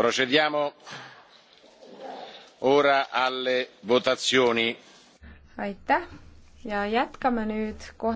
procediamo ora alle votazioni. aitäh ja jätkame nüüd kohe hääletustega.